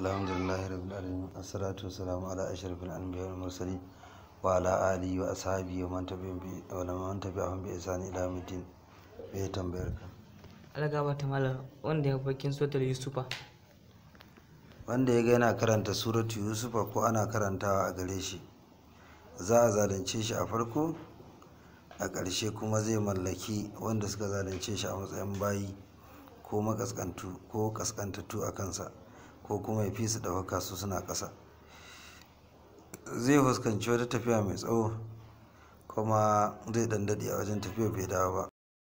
alhamdulillah rabbi alamin assalatu wasalamu ala ashrafil anbiya wal mursalin wa ala alihi wa ashabihi wa man tabi'ahum bi wa man tabi'ahum bi ihsan ila yawmiddin bai tambayar ka algaba ta malam wanda ya bakin suratul yusufa wanda ya ga yana karanta suratu yusufa ko ana karantawa a gare shi za a zalunce shi a farko a karshe kuma zai mallaki wanda suka zalunce shi a matsayin bayi ko makaskantu ko kaskantattu a kansa ko kuma ya fi su ɗaukaka su suna ƙasa zai fuskanci wata tafiya mai tsawo kuma zai ɗan daɗe a wajen tafiya bai dawo ba